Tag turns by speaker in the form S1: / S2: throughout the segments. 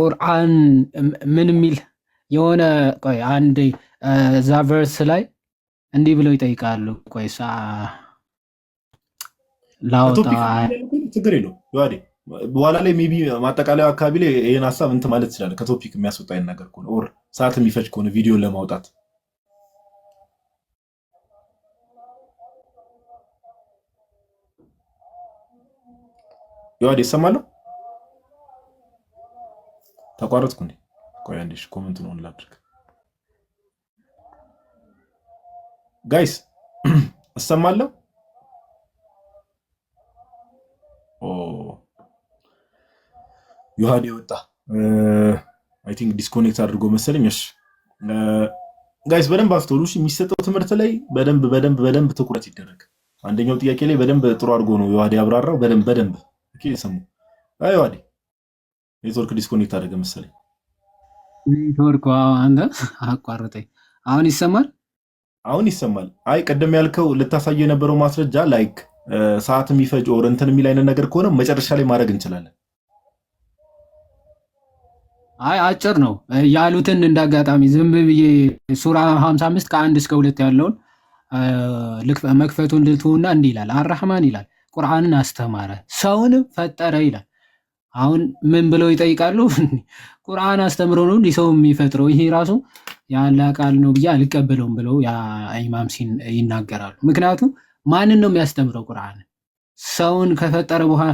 S1: ቁርአን ምን የሚል የሆነ ቆይ አንድ እዛ ቨርስ ላይ እንዲህ ብለው ይጠይቃሉ። ቆይ
S2: ችግር የለው በኋላ ላይ ሜይ ቢ ማጠቃለያ አካባቢ ላይ ይህን ሀሳብ እንትን ማለት ይችላል። ከቶፒክ የሚያስወጣ አይነት ነገር ከሆነ ኦር ሰዓት የሚፈጅ ከሆነ ቪዲዮ ለማውጣት ይዋዴ ይሰማለሁ ተቋረጥኩ እንዴ? ቆይ አንዴ፣ ኮመንቱን ላድርግ። ጋይስ እሰማለሁ። ዮሐዴ ወጣ። አይ ቲንክ ዲስኮኔክት አድርጎ መሰለኝ። እሺ ጋይስ በደንብ አስተውሉ። የሚሰጠው ትምህርት ላይ በደንብ በደንብ በደንብ ትኩረት ይደረግ። አንደኛው ጥያቄ ላይ በደንብ ጥሩ አድርጎ ነው ዮሐዴ አብራራው። በደንብ በደንብ ሰሙ አይ ኔትወርክ ዲስኮኔክት አደረገ መሰለኝ።
S1: ኔትወርክ አንተ አቋረጠኝ። አሁን ይሰማል፣
S2: አሁን ይሰማል። አይ ቀደም ያልከው ልታሳየው የነበረው ማስረጃ ላይክ ሰዓት የሚፈጅ ኦር እንትን የሚል አይነት ነገር ከሆነ መጨረሻ ላይ ማድረግ እንችላለን።
S1: አይ አጭር ነው ያሉትን እንዳጋጣሚ ዝም ብዬ ሱራ 55 ከአንድ እስከ ሁለት ያለውን መክፈቱን ልትሁና እንዲህ ይላል። አራህማን ይላል ቁርአንን አስተማረ ሰውንም ፈጠረ ይላል አሁን ምን ብለው ይጠይቃሉ? ቁርአን አስተምሮ ነው እንዲህ ሰው የሚፈጥረው ይሄ ራሱ ያለ ቃል ነው ብዬ አልቀበለውም ብለው ኢማም ሲን ይናገራሉ። ምክንያቱም ማንን ነው የሚያስተምረው? ቁርአን ሰውን ከፈጠረ በኋላ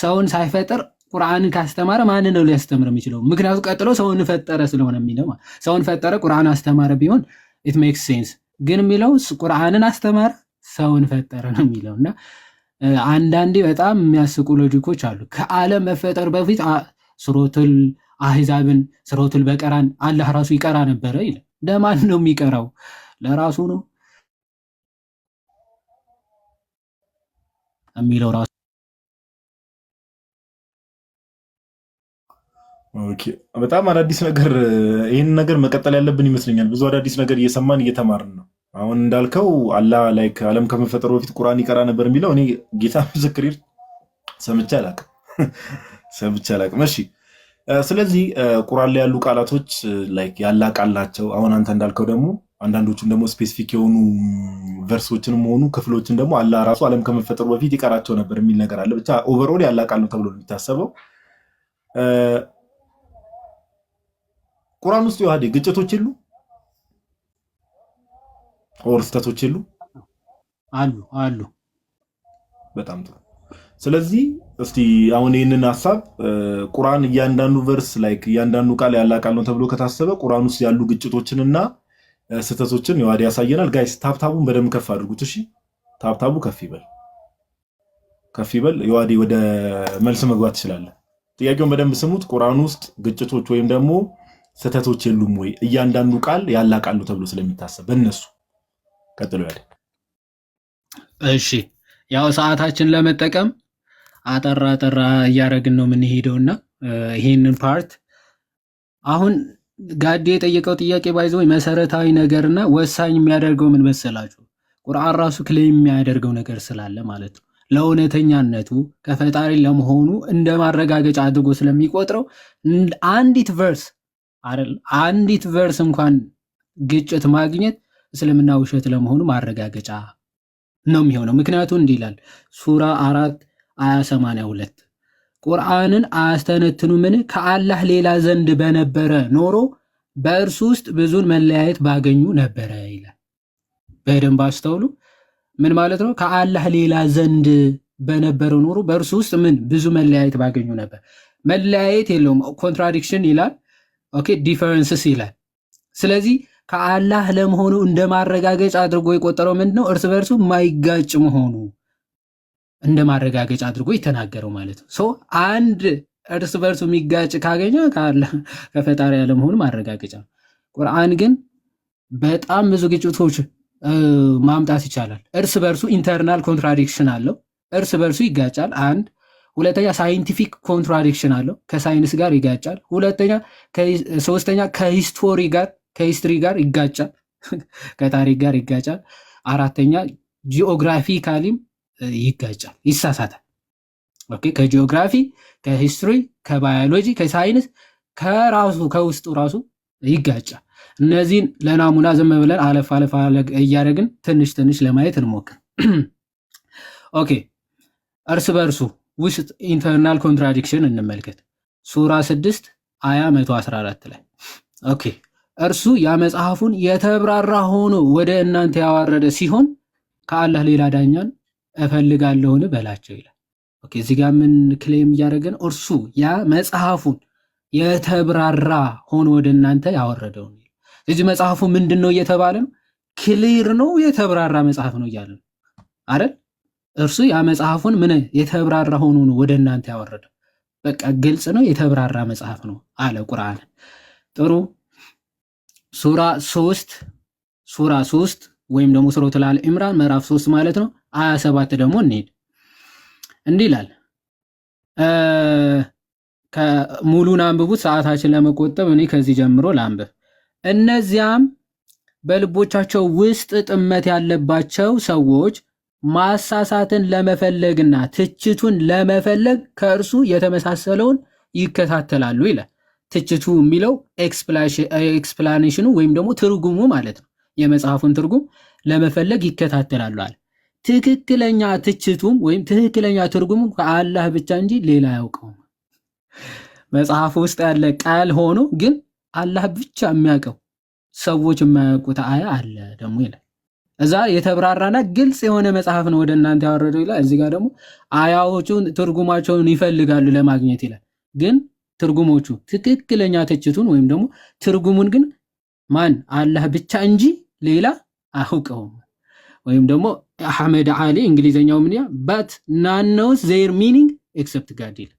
S1: ሰውን ሳይፈጥር ቁርአንን ካስተማረ ማንን ነው ሊያስተምር የሚችለው? ምክንያቱ ቀጥሎ ሰውን ፈጠረ ስለሆነ የሚለው ሰውን ፈጠረ ቁርአን አስተማረ ቢሆን ኢት ሜክስ ሴንስ ግን የሚለው ቁርአንን አስተማረ ሰውን ፈጠረ ነው የሚለው እና አንዳንዴ በጣም የሚያስቁ ሎጂኮች አሉ። ከዓለም መፈጠር በፊት ስሮትል አህዛብን ስሮትል በቀራን አላህ ራሱ ይቀራ ነበረ ይላል። ለማን ነው የሚቀራው? ለራሱ ነው የሚለው ራሱ
S2: በጣም አዳዲስ ነገር። ይህን ነገር መቀጠል ያለብን ይመስለኛል። ብዙ አዳዲስ ነገር እየሰማን እየተማርን ነው። አሁን እንዳልከው አላ ላይ ዓለም ከመፈጠሩ በፊት ቁርአን ይቀራ ነበር የሚለው እኔ ጌታ ምስክር ሰምቼ አላቅም፣ ሰምቼ አላቅም። እሺ፣ ስለዚህ ቁርአን ላይ ያሉ ቃላቶች ላይክ ያላ ቃል ናቸው። አሁን አንተ እንዳልከው ደግሞ አንዳንዶቹን ደግሞ ስፔሲፊክ የሆኑ ቨርሶችን መሆኑ ክፍሎችን ደግሞ አላ ራሱ ዓለም ከመፈጠሩ በፊት ይቀራቸው ነበር የሚል ነገር አለ። ብቻ ኦቨርኦል ያላ ቃል ነው ተብሎ የሚታሰበው። ቁርአን ውስጥ የዋህዴ ግጭቶች የሉ ኦር ስህተቶች የሉ አሉ አሉ። በጣም ጥሩ። ስለዚህ እስቲ አሁን ይህንን ሀሳብ ቁርአን እያንዳንዱ ቨርስ ላይክ እያንዳንዱ ቃል ያለ ቃል ነው ተብሎ ከታሰበ ቁርአን ውስጥ ያሉ ግጭቶችን እና ስህተቶችን የዋዲ ያሳየናል። ጋይስ ታብታቡን በደንብ ከፍ አድርጉት። እሺ ታብታቡ ከፍ ይበል ከፍ ይበል። የዋዲ ወደ መልስ መግባት ትችላለህ። ጥያቄውን በደንብ ስሙት። ቁርአን ውስጥ ግጭቶች ወይም ደግሞ ስህተቶች የሉም ወይ? እያንዳንዱ ቃል ያለ ቃል ነው ተብሎ ስለሚታሰብ በእነሱ ቀጥሏል።
S1: እሺ ያው ሰዓታችን ለመጠቀም አጠራ አጠራ እያደረግን ነው የምንሄደው እና ይህንን ፓርት አሁን ጋዴ የጠየቀው ጥያቄ ባይዘ መሰረታዊ ነገርና ወሳኝ የሚያደርገው ምን መሰላችሁ? ቁርአን ራሱ ክሌም የሚያደርገው ነገር ስላለ ማለት ነው። ለእውነተኛነቱ ከፈጣሪ ለመሆኑ እንደ ማረጋገጫ አድርጎ ስለሚቆጥረው አንዲት ቨርስ አይደል አንዲት ቨርስ እንኳን ግጭት ማግኘት እስልምና ውሸት ለመሆኑ ማረጋገጫ ነው የሚሆነው። ምክንያቱ እንዲህ ይላል ሱራ አራት አያ ሰማንያ ሁለት ቁርአንን አያስተነትኑምን ከአላህ ሌላ ዘንድ በነበረ ኖሮ በእርሱ ውስጥ ብዙን መለያየት ባገኙ ነበረ ይላል። በደንብ አስተውሉ። ምን ማለት ነው? ከአላህ ሌላ ዘንድ በነበረ ኖሮ በእርሱ ውስጥ ምን ብዙ መለያየት ባገኙ ነበር። መለያየት የለውም። ኮንትራዲክሽን ይላል። ኦኬ ዲፈረንስስ ይላል። ስለዚህ ከአላህ ለመሆኑ እንደ ማረጋገጫ አድርጎ የቆጠረው ምንድነው ነው? እርስ በርሱ የማይጋጭ መሆኑ እንደ ማረጋገጫ አድርጎ የተናገረው ማለት ነው። ሶ አንድ እርስ በርሱ የሚጋጭ ካገኘ ከፈጣሪ ያለመሆኑ ማረጋገጫ። ቁርአን ግን በጣም ብዙ ግጭቶች ማምጣት ይቻላል። እርስ በርሱ ኢንተርናል ኮንትራዲክሽን አለው። እርስ በርሱ ይጋጫል። አንድ ሁለተኛ ሳይንቲፊክ ኮንትራዲክሽን አለው፣ ከሳይንስ ጋር ይጋጫል። ሁለተኛ ሶስተኛ ከሂስቶሪ ጋር ከሂስትሪ ጋር ይጋጫል፣ ከታሪክ ጋር ይጋጫል። አራተኛ ጂኦግራፊካሊም ይጋጫል፣ ይሳሳታል። ኦኬ ከጂኦግራፊ ከሂስትሪ ከባዮሎጂ ከሳይንስ ከራሱ ከውስጡ ራሱ ይጋጫል። እነዚህን ለናሙና ዝም ብለን አለፍ አለፍ እያደረግን ትንሽ ትንሽ ለማየት እንሞክር። ኦኬ እርስ በእርሱ ውስጥ ኢንተርናል ኮንትራዲክሽን እንመልከት። ሱራ 6 አያ 114 ላይ ኦኬ እርሱ ያ መጽሐፉን የተብራራ ሆኖ ወደ እናንተ ያዋረደ ሲሆን ከአላህ ሌላ ዳኛን እፈልጋለሁን በላቸው ይላል። ኦኬ እዚህ ጋር ምን ክሌም እያደረገን እርሱ ያ መጽሐፉን የተብራራ ሆኖ ወደ እናንተ ያወረደውን እዚህ መጽሐፉ ምንድን ነው እየተባለ ነው። ክሊር ነው የተብራራ መጽሐፍ ነው እያለ ነው አይደል? እርሱ ያ መጽሐፉን ምን የተብራራ ሆኖ ነው ወደ እናንተ ያወረደው። በቃ ግልጽ ነው የተብራራ መጽሐፍ ነው አለ ቁርአን ጥሩ ሱራ ሶስት ሱራ ሶስት ወይም ደግሞ ሱረቱል አል ኢምራን ምዕራፍ ሶስት ማለት ነው። አያ ሰባት ደግሞ እንሄድ እንዲህ ይላል። ሙሉን አንብቡት፣ ሰዓታችን ለመቆጠብ እኔ ከዚህ ጀምሮ ላንብብ። እነዚያም በልቦቻቸው ውስጥ ጥመት ያለባቸው ሰዎች ማሳሳትን ለመፈለግና ትችቱን ለመፈለግ ከእርሱ የተመሳሰለውን ይከታተላሉ ይላል። ትችቱ የሚለው ኤክስፕላኔሽኑ ወይም ደግሞ ትርጉሙ ማለት ነው። የመጽሐፉን ትርጉም ለመፈለግ ይከታተላሉ አለ። ትክክለኛ ትችቱም ወይም ትክክለኛ ትርጉሙ ከአላህ ብቻ እንጂ ሌላ አያውቀውም። መጽሐፍ ውስጥ ያለ ቃል ሆኖ ግን አላህ ብቻ የሚያውቀው ሰዎች የማያውቁት አያ አለ ደግሞ ይላል። እዛ የተብራራና ግልጽ የሆነ መጽሐፍ ነው ወደ እናንተ ያወረደው ይላል። እዚህ ጋር ደግሞ አያዎቹን ትርጉማቸውን ይፈልጋሉ ለማግኘት ይላል ግን ትርጉሞቹ ትክክለኛ ትችቱን ወይም ደግሞ ትርጉሙን ግን ማን አላህ ብቻ እንጂ ሌላ አውቀውም። ወይም ደግሞ አህመድ አሊ እንግሊዘኛው ምን ያ በት ናነውስ ዜር ሚኒንግ ኤክሰፕት ጋዲል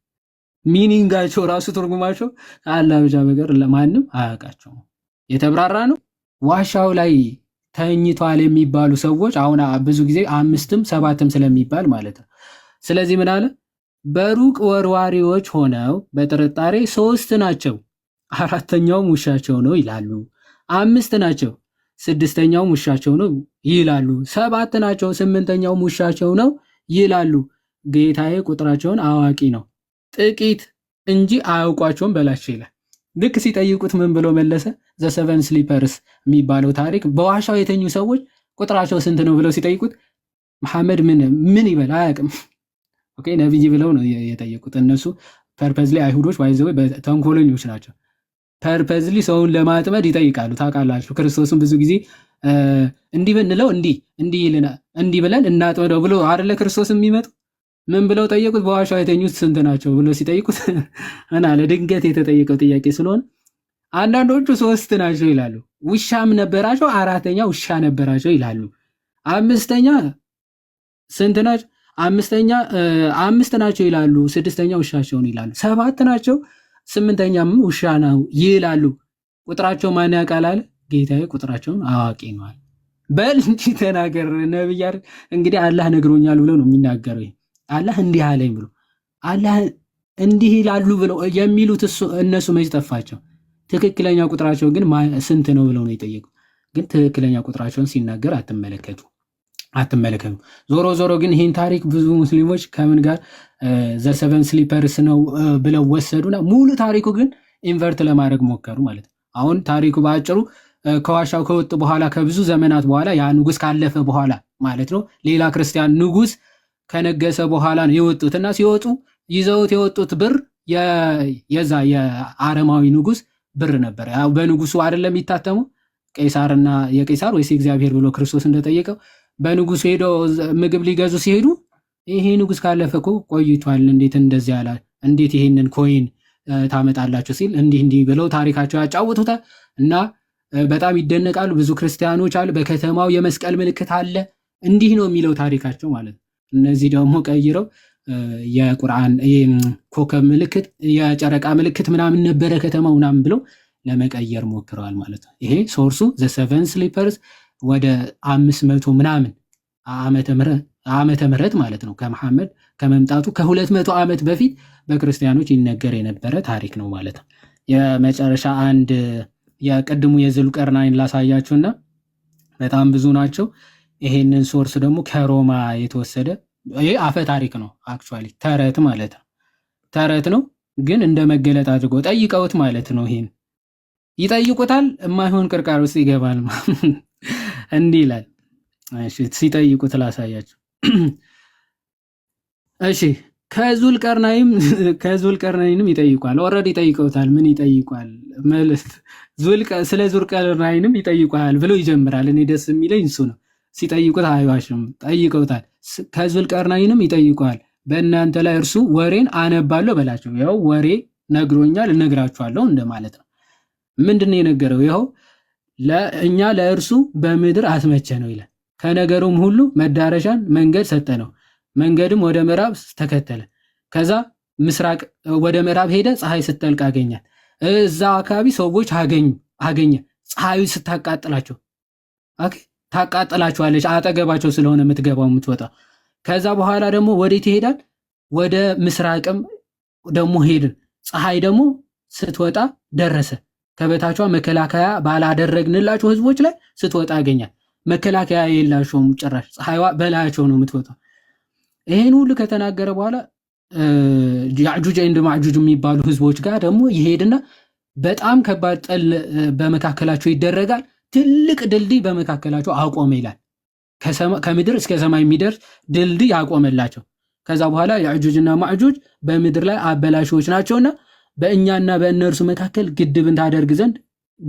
S1: ሚኒንጋቸው ራሱ ትርጉማቸው አላህ ብቻ በቀር ለማንም አያውቃቸው የተብራራ ነው። ዋሻው ላይ ተኝቷል የሚባሉ ሰዎች አሁን ብዙ ጊዜ አምስትም ሰባትም ስለሚባል ማለት ነው። ስለዚህ ምን አለ በሩቅ ወርዋሪዎች ሆነው በጥርጣሬ ሶስት ናቸው፣ አራተኛውም ውሻቸው ነው ይላሉ። አምስት ናቸው፣ ስድስተኛውም ውሻቸው ነው ይላሉ። ሰባት ናቸው፣ ስምንተኛውም ውሻቸው ነው ይላሉ። ጌታዬ ቁጥራቸውን አዋቂ ነው፣ ጥቂት እንጂ አያውቋቸውም በላቸው ይላል። ልክ ሲጠይቁት ምን ብሎ መለሰ? ዘሰቨን ስሊፐርስ የሚባለው ታሪክ በዋሻው የተኙ ሰዎች ቁጥራቸው ስንት ነው ብለው ሲጠይቁት መሐመድ ምን ምን ይበል አያውቅም። ኦኬ ነቢይ ብለው ነው የጠየቁት። እነሱ ፐርፐዝሊ አይሁዶች ባይዘ ተንኮለኞች ናቸው። ፐርፐዝሊ ሰውን ለማጥመድ ይጠይቃሉ። ታውቃላችሁ፣ ክርስቶስን ብዙ ጊዜ እንዲህ ብንለው እንዲህ እንዲህ ይልና ብለን እናጥመደው ብሎ አይደለ ክርስቶስ የሚመጡ ምን ብለው ጠየቁት? በዋሻው የተኙት ስንት ናቸው ብሎ ሲጠይቁት እና ለድንገት የተጠየቀው ጥያቄ ስለሆነ አንዳንዶቹ ሶስት ናቸው ይላሉ፣ ውሻም ነበራቸው። አራተኛ ውሻ ነበራቸው ይላሉ። አምስተኛ ስንት ናቸው? አምስተኛ አምስት ናቸው ይላሉ። ስድስተኛ ውሻቸውን ይላሉ። ሰባት ናቸው። ስምንተኛም ውሻ ነው ይላሉ። ቁጥራቸው ማን ያውቃል አለ ጌታዬ። ቁጥራቸውን አዋቂ ነዋል። በል እንጂ ተናገር ነብያር። እንግዲህ አላህ ነግሮኛል ብለው ነው የሚናገረው። አላህ እንዲህ አለኝ ብሎ አላህ እንዲህ ይላሉ ብለው የሚሉት እነሱ መች ጠፋቸው። ትክክለኛ ቁጥራቸው ግን ስንት ነው ብለው ነው የጠየቁ። ግን ትክክለኛ ቁጥራቸውን ሲናገር አትመለከቱ። አትመለከቱ። ዞሮ ዞሮ ግን ይህን ታሪክ ብዙ ሙስሊሞች ከምን ጋር ዘሰቨን ስሊፐርስ ነው ብለው ወሰዱና ሙሉ ታሪኩ ግን ኢንቨርት ለማድረግ ሞከሩ ማለት ነው። አሁን ታሪኩ በአጭሩ ከዋሻው ከወጡ በኋላ ከብዙ ዘመናት በኋላ ያ ንጉስ ካለፈ በኋላ ማለት ነው ሌላ ክርስቲያን ንጉስ ከነገሰ በኋላ ነው የወጡት እና ሲወጡ ይዘውት የወጡት ብር የዛ የአረማዊ ንጉስ ብር ነበር። ያው በንጉሱ አይደለም የሚታተመው ቄሳርና የቄሳር ወይስ የእግዚአብሔር ብሎ ክርስቶስ እንደጠየቀው በንጉሱ ሄዶ ምግብ ሊገዙ ሲሄዱ ይሄ ንጉስ ካለፈ እኮ ቆይቷል፣ እንዴት እንደዚህ ያላ እንዴት ይሄንን ኮይን ታመጣላችሁ ሲል እንዲህ እንዲህ ብለው ታሪካቸው ያጫውቱታል እና በጣም ይደነቃሉ። ብዙ ክርስቲያኖች አሉ። በከተማው የመስቀል ምልክት አለ። እንዲህ ነው የሚለው ታሪካቸው ማለት ነው። እነዚህ ደግሞ ቀይረው የቁርአን ኮከብ ምልክት የጨረቃ ምልክት ምናምን ነበረ ከተማው ምናምን ብለው ለመቀየር ሞክረዋል ማለት ነው። ይሄ ሶርሱ ዘ ሰቨን ስሊፐርስ ወደ አምስት መቶ ምናምን ዓመተ ምህረት ማለት ነው ከመሐመድ ከመምጣቱ ከሁለት መቶ ዓመት በፊት በክርስቲያኖች ይነገር የነበረ ታሪክ ነው ማለት ነው። የመጨረሻ አንድ የቅድሙ የዙልቀርናይን ላሳያችሁና በጣም ብዙ ናቸው። ይሄንን ሶርስ ደግሞ ከሮማ የተወሰደ ይህ አፈ ታሪክ ነው። አክቹዋሊ ተረት ማለት ነው። ተረት ነው ግን እንደ መገለጥ አድርጎ ጠይቀውት ማለት ነው። ይሄን ይጠይቁታል፣ የማይሆን ቅርቃር ውስጥ ይገባል። እንዲህ ይላል። ሲጠይቁት ላሳያችሁ። እሺ ከዙል ቀርናይንም ይጠይቋል። ኦልሬዲ ይጠይቀውታል። ምን ይጠይቋል? ስለ ቀርናይንም ይጠይቋል ብሎ ይጀምራል። እኔ ደስ የሚለኝ እሱ ነው። ሲጠይቁት አይዋሽም፣ ጠይቀውታል። ከዙልቀርናይንም ይጠይቋል። በእናንተ ላይ እርሱ ወሬን አነባለሁ በላቸው። ያው ወሬ ነግሮኛል፣ እነግራችኋለሁ እንደማለት ነው። ምንድን ነው የነገረው? ይኸው እኛ ለእርሱ በምድር አስመቸ ነው ይላል። ከነገሩም ሁሉ መዳረሻን መንገድ ሰጠ ነው። መንገድም ወደ ምዕራብ ተከተለ። ከዛ ምስራቅ ወደ ምዕራብ ሄደ። ፀሐይ ስትጠልቅ አገኛት። እዛ አካባቢ ሰዎች አገኘ። ፀሐዩ ስታቃጥላቸው ታቃጥላቸዋለች። አጠገባቸው ስለሆነ የምትገባው የምትወጣው። ከዛ በኋላ ደግሞ ወዴት ይሄዳል? ወደ ምስራቅም ደግሞ ሄድን። ፀሐይ ደግሞ ስትወጣ ደረሰ። ከበታቿ መከላከያ ባላደረግንላቸው ህዝቦች ላይ ስትወጣ ያገኛል። መከላከያ የላቸውም ጭራሽ፣ ፀሐይዋ በላያቸው ነው የምትወጣ ይህን ሁሉ ከተናገረ በኋላ ያዕጁጅ እንድ ማዕጁጅ የሚባሉ ህዝቦች ጋር ደግሞ ይሄድና በጣም ከባድ ጠል በመካከላቸው ይደረጋል። ትልቅ ድልድይ በመካከላቸው አቆመ ይላል። ከምድር እስከ ሰማይ የሚደርስ ድልድይ አቆመላቸው። ከዛ በኋላ ያዕጁጅና ማዕጁጅ በምድር ላይ አበላሾች ናቸውና በእኛና በእነርሱ መካከል ግድብን ታደርግ ዘንድ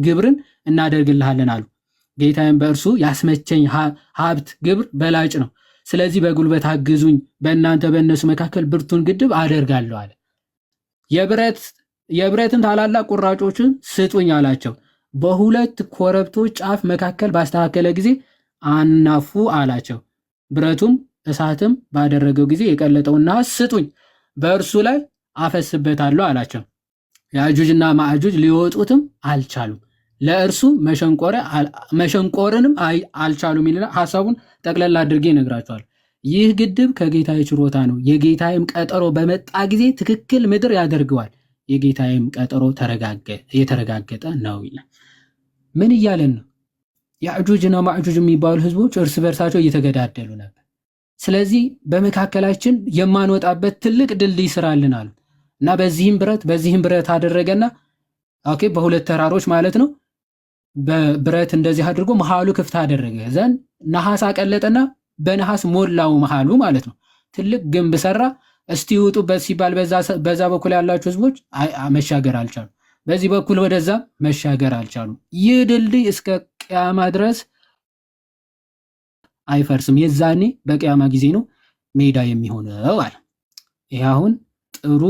S1: ግብርን እናደርግልሃለን አሉ። ጌታዬም በእርሱ ያስመቸኝ ሀብት ግብር በላጭ ነው። ስለዚህ በጉልበት አግዙኝ፣ በእናንተ በእነሱ መካከል ብርቱን ግድብ አደርጋለሁ አለ። የብረትን ታላላቅ ቁራጮችን ስጡኝ አላቸው። በሁለት ኮረብቶች ጫፍ መካከል ባስተካከለ ጊዜ አናፉ አላቸው። ብረቱም እሳትም ባደረገው ጊዜ የቀለጠውና ስጡኝ፣ በእርሱ ላይ አፈስበታለሁ አላቸው። ያእጁጅና ማእጁጅ ሊወጡትም አልቻሉም፣ ለእርሱ መሸንቆርንም አልቻሉም ይልና ሀሳቡን ጠቅለል አድርጌ ይነግራቸዋል። ይህ ግድብ ከጌታዬ ችሮታ ነው፣ የጌታዬም ቀጠሮ በመጣ ጊዜ ትክክል ምድር ያደርገዋል። የጌታዬም ቀጠሮ የተረጋገጠ ነው ይላል። ምን እያለን ነው? ያእጁጅ ማእጁጅ የሚባሉ ህዝቦች እርስ በርሳቸው እየተገዳደሉ ነበር። ስለዚህ በመካከላችን የማንወጣበት ትልቅ ድልድይ ስራልን አሉት። እና በዚህም ብረት በዚህም ብረት አደረገና ኦኬ በሁለት ተራሮች ማለት ነው። በብረት እንደዚህ አድርጎ መሃሉ ክፍት አደረገ ዘንድ ነሐስ አቀለጠና በነሐስ ሞላው መሃሉ ማለት ነው። ትልቅ ግንብ ሰራ። እስቲ ውጡበት ሲባል በዛ በኩል ያላችሁ ህዝቦች መሻገር አልቻሉ። በዚህ በኩል ወደዛ መሻገር አልቻሉ። ይህ ድልድይ እስከ ቅያማ ድረስ አይፈርስም። የዛኔ በቅያማ ጊዜ ነው ሜዳ የሚሆነው አለ። ይህ አሁን ጥሩ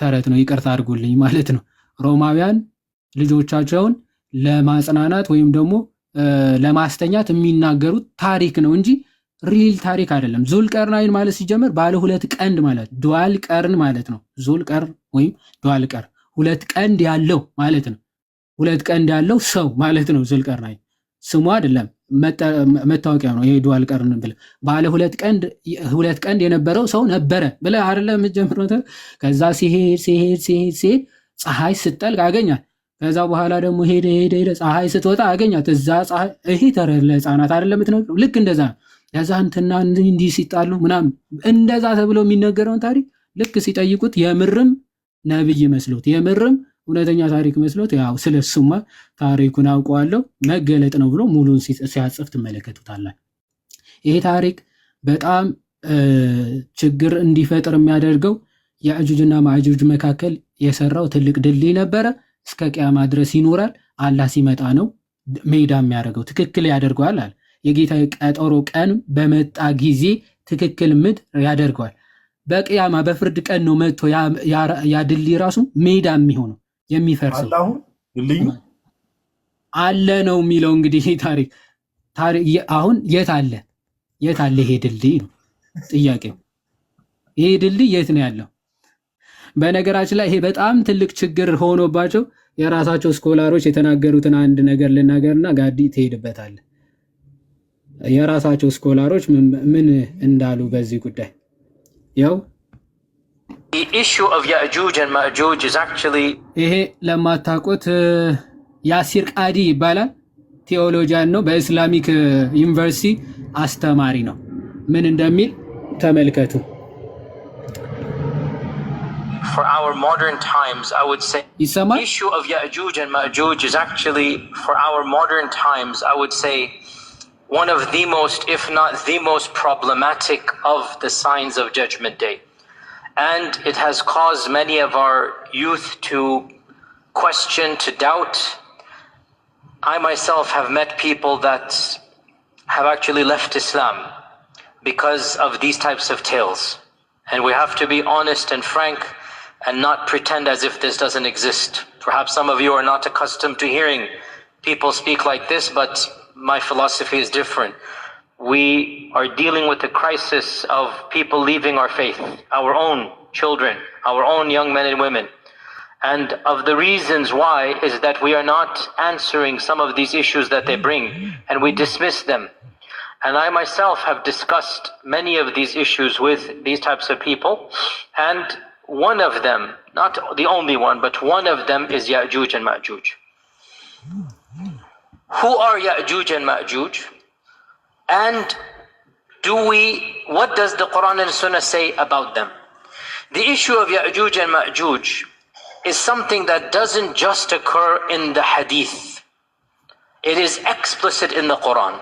S1: ተረት ነው፣ ይቅርታ አድርጉልኝ ማለት ነው። ሮማውያን ልጆቻቸውን ለማጽናናት ወይም ደግሞ ለማስተኛት የሚናገሩት ታሪክ ነው እንጂ ሪል ታሪክ አይደለም። ዙል ቀርናይን ማለት ሲጀምር ባለ ሁለት ቀንድ ማለት ዱዋል ቀርን ማለት ነው። ዙል ቀር ወይም ዱዋል ቀር ሁለት ቀንድ ያለው ማለት ነው። ሁለት ቀንድ ያለው ሰው ማለት ነው ዙል ቀርናይን ስሙ አይደለም መታወቂያ ነው። የሄዱ ቀርን ብለህ ባለ ሁለት ቀንድ ሁለት ቀንድ የነበረው ሰው ነበረ ብለ አለ የምትጀምረው። ከዛ ሲሄድ ሲሄድ ሲሄድ ሲሄድ ፀሐይ ስጠልቅ አገኛት። ከዛ በኋላ ደግሞ ሄደ ሄደ ሄደ ፀሐይ ስትወጣ አገኛት። እዛ ይሄ ተረ ህጻናት አደለ የምትነግረው። ልክ እንደዛ ነው። ከዛ እንትና እንዲህ ሲጣሉ ምናምን እንደዛ ተብሎ የሚነገረውን ታሪክ ልክ ሲጠይቁት የምርም ነብይ መስሎት የምርም እውነተኛ ታሪክ መስሎት ያው ስለሱማ ታሪኩን አውቀዋለሁ መገለጥ ነው ብሎ ሙሉን ሲያጽፍ ትመለከቱታለ ይሄ ታሪክ በጣም ችግር እንዲፈጥር የሚያደርገው የአጁጅና ማዕጁጅ መካከል የሰራው ትልቅ ድልድይ ነበረ። እስከ ቅያማ ድረስ ይኖራል። አላህ ሲመጣ ነው ሜዳ የሚያደርገው። ትክክል ያደርገዋል አለ። የጌታ ቀጠሮ ቀን በመጣ ጊዜ ትክክል ምድር ያደርገዋል። በቅያማ በፍርድ ቀን ነው መጥቶ ያ ድልድይ ራሱ ሜዳ የሚሆነው። የሚፈርሰው አለ ነው የሚለው። እንግዲህ ታሪክ አሁን የት አለ የት አለ ይሄ ድልድይ ነው ጥያቄው። ይሄ ድልድይ የት ነው ያለው? በነገራችን ላይ ይሄ በጣም ትልቅ ችግር ሆኖባቸው የራሳቸው ስኮላሮች የተናገሩትን አንድ ነገር ልናገርና ጋዲ ትሄድበታለ። የራሳቸው ስኮላሮች ምን እንዳሉ በዚህ ጉዳይ ያው
S3: The issue of Ya'juj and Ma'juj is actually
S1: ይሄ ለማታውቁት ያሲር ቃዲ ይባላል። ቴዎሎጂያን ነው። በኢስላሚክ ዩኒቨርሲቲ አስተማሪ ነው። ምን እንደሚል ተመልከቱ።
S3: For our modern times, I would say issue of Ya'juj and Ma'juj is actually for our modern times, I would say one of the most, if not the most problematic of the signs of judgment day and it has caused many of our youth to question, to doubt. I myself have met people that have actually left Islam because of these types of tales. And we have to be honest and frank and not pretend as if this doesn't exist. Perhaps some of you are not accustomed to hearing people speak like this, but my philosophy is different we are dealing with the crisis of people leaving our faith, our own children, our own young men and women. And of the reasons why is that we are not answering some of these issues that they bring and we dismiss them. And I myself have discussed many of these issues with these types of people. And one of them, not the only one, but one of them is Ya'juj and Ma'juj. Who are Ya'juj and Ma'juj? And do we, what does the Quran and Sunnah say about them? The issue of Ya'juj and Ma'juj is something that doesn't just occur in the Hadith. It is explicit in the Quran.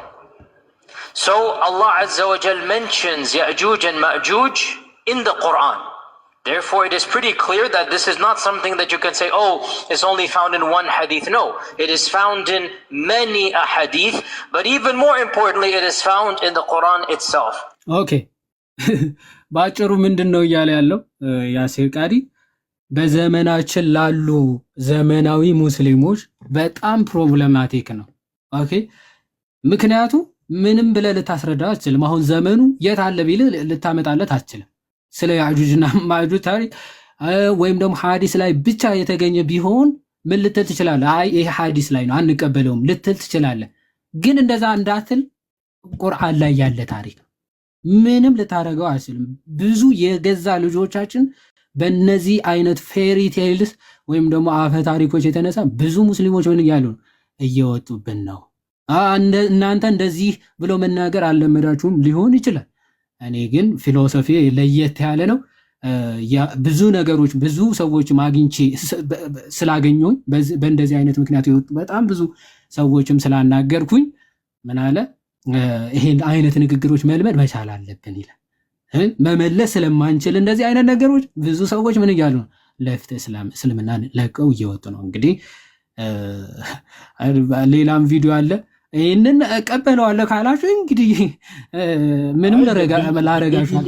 S3: So Allah Azza wa Jal mentions Ya'juj and Ma'juj in the Quran. Therefore, it is pretty clear that this is not something that you can say, oh, it's only found in one hadith. No, it is found in many a hadith, but even more importantly, it is found in the Quran itself.
S1: Okay. በአጭሩ ምንድን ነው እያለ ያለው ያሲር ቃዲ በዘመናችን ላሉ ዘመናዊ ሙስሊሞች በጣም ፕሮብለማቲክ ነው። ኦኬ ምክንያቱ ምንም ብለህ ልታስረዳ አትችልም። አሁን ዘመኑ የት አለ ቢልህ ልታመጣለት አትችልም። ስለ ያዕጁጅና ማዕጁጅ ታሪክ ወይም ደግሞ ሐዲስ ላይ ብቻ የተገኘ ቢሆን ምን ልትል ትችላለህ? አይ ይሄ ሐዲስ ላይ ነው አንቀበለውም ልትል ትችላለህ። ግን እንደዛ እንዳትል ቁርአን ላይ ያለ ታሪክ ምንም ልታደርገው አይችልም። ብዙ የገዛ ልጆቻችን በእነዚህ አይነት ፌሪ ቴልስ ወይም ደግሞ አፈ ታሪኮች የተነሳ ብዙ ሙስሊሞች ምን እያሉ ነው እየወጡብን ነው። እናንተ እንደዚህ ብሎ መናገር አልለመዳችሁም ሊሆን ይችላል እኔ ግን ፊሎሶፊ ለየት ያለ ነው። ብዙ ነገሮች ብዙ ሰዎች ማግኝቼ ስላገኘኝ በእንደዚህ አይነት ምክንያት የወጡ በጣም ብዙ ሰዎችም ስላናገርኩኝ ምን አለ ይሄን አይነት ንግግሮች መልመድ መቻል አለብን ይላል። መመለስ ስለማንችል እንደዚህ አይነት ነገሮች ብዙ ሰዎች ምን እያሉ ነው ለፍት እስልምናን ለቀው እየወጡ ነው። እንግዲህ ሌላም ቪዲዮ አለ ይህንን እቀበለዋለሁ ካላችሁ እንግዲህ ምንም ላረጋችሁ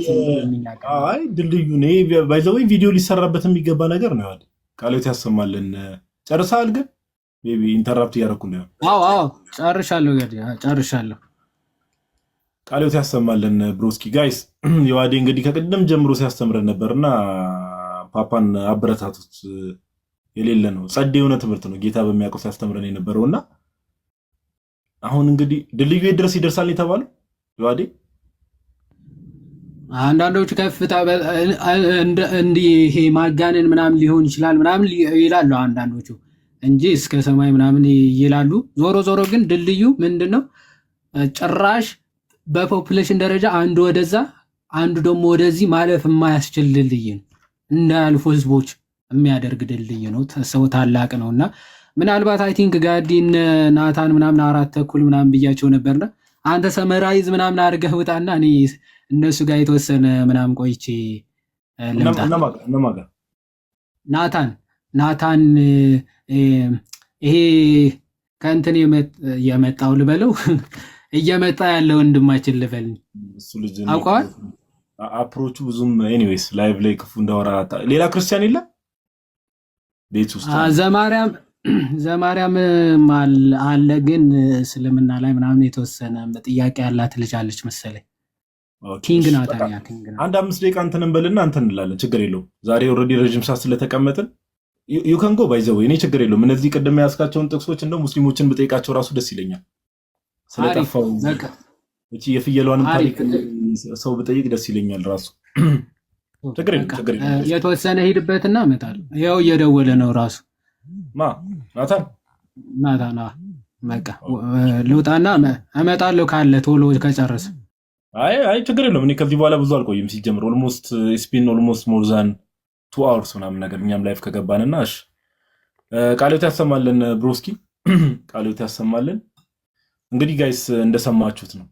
S2: ድልድዩ ባይዘወይ ቪዲዮ ሊሰራበት የሚገባ ነገር ነው። ያለ ቃሎት ያሰማልን። ጨርሰሃል? ግን ቢ ኢንተራፕት እያደረኩ ነው።
S1: ጨርሻለሁ፣ ጨርሻለሁ።
S2: ቃሎት ያሰማልን። ብሮስኪ ጋይስ የዋዴ እንግዲህ ከቅድም ጀምሮ ሲያስተምረን ነበር እና ፓፓን አበረታቱት። የሌለ ነው። ጸደ የሆነ ትምህርት ነው ጌታ በሚያውቀው ሲያስተምረን የነበረውና አሁን እንግዲህ ድልድዩ ድረስ ይደርሳል የተባሉ ዋዴ
S1: አንዳንዶቹ ከፍታ እንዲህ ይሄ ማጋነን ምናምን ሊሆን ይችላል ምናምን ይላሉ አንዳንዶቹ እንጂ እስከ ሰማይ ምናምን ይላሉ። ዞሮ ዞሮ ግን ድልድዩ ምንድን ነው ጭራሽ በፖፕሌሽን ደረጃ አንዱ ወደዛ አንዱ ደግሞ ወደዚህ ማለፍ የማያስችል ድልድይ ነው። እንዳያልፉ ህዝቦች የሚያደርግ ድልድይ ነው። ሰው ታላቅ ነው እና ምናልባት አይ ቲንክ ጋዲን ናታን ምናምን አራት ተኩል ምናምን ብያቸው ነበርና አንተ ሰመራይዝ ምናምን አድርገህ ውጣና እኔ እነሱ ጋር የተወሰነ ምናምን ቆይቼ ልምጣ። ናታን ናታን ይሄ ከእንትን የመጣው ልበለው እየመጣ ያለው ወንድማችን ልበል አውቀዋል።
S2: አፕሮቹ ብዙም ኤኒዌይስ ላይቭ ላይ ክፉ እንዳወራ ሌላ ክርስቲያን የለ
S1: ቤት ውስጥ ዘማርያም ዘማርያም አለ ግን እስልምና ላይ ምናምን የተወሰነ ጥያቄ ያላት ልጅ አለች መሰለኝ። ኪንግ ናት።
S2: አንድ አምስት ደቂቃ እንትንን በልና እንትን እንላለን። ችግር የለው። ዛሬ ኦልሬዲ ረዥም ሰዓት ስለተቀመጥን ዩከንጎ ባይዘው እኔ ችግር የለውም። እነዚህ ቅድም ያስካቸውን ጥቅሶች እንደ ሙስሊሞችን ብጠይቃቸው ራሱ ደስ ይለኛል። ስለጠፋው እቺ የፍየሏንም ታሪክ ሰው ብጠይቅ ደስ ይለኛል ራሱ ችግር
S1: የለውም። የተወሰነ ሂድበትና እመጣለሁ። ያው እየደወለ ነው ራሱ
S2: ማ ናታን
S1: ናታን በቃ ልውጣና እመጣለሁ ካለ ቶሎ ከጨረስ።
S2: አይ አይ ችግር የለውም። እኔ ከዚህ በኋላ ብዙ አልቆይም። ሲጀምር ኦልሞስት ስፒን ኦልሞስት ሞርዛን ቱ አወርስ ምናምን ነገር እኛም ላይፍ ከገባንና እሺ፣ uh, ቃሊዮት ያሰማልን ብሮስኪ፣ ቃሊዮት ያሰማልን። እንግዲህ ጋይስ uh, እንደሰማችሁት ነው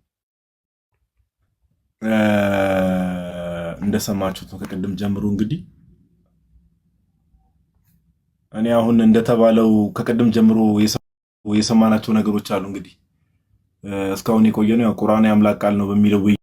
S2: uh, እንደሰማችሁት ነው ከቅድም ጀምሮ እንግዲህ እኔ አሁን እንደተባለው ከቅድም ጀምሮ የሰማናቸው ነገሮች አሉ። እንግዲህ እስካሁን የቆየ ነው ቁርአን የአምላክ ቃል ነው በሚለው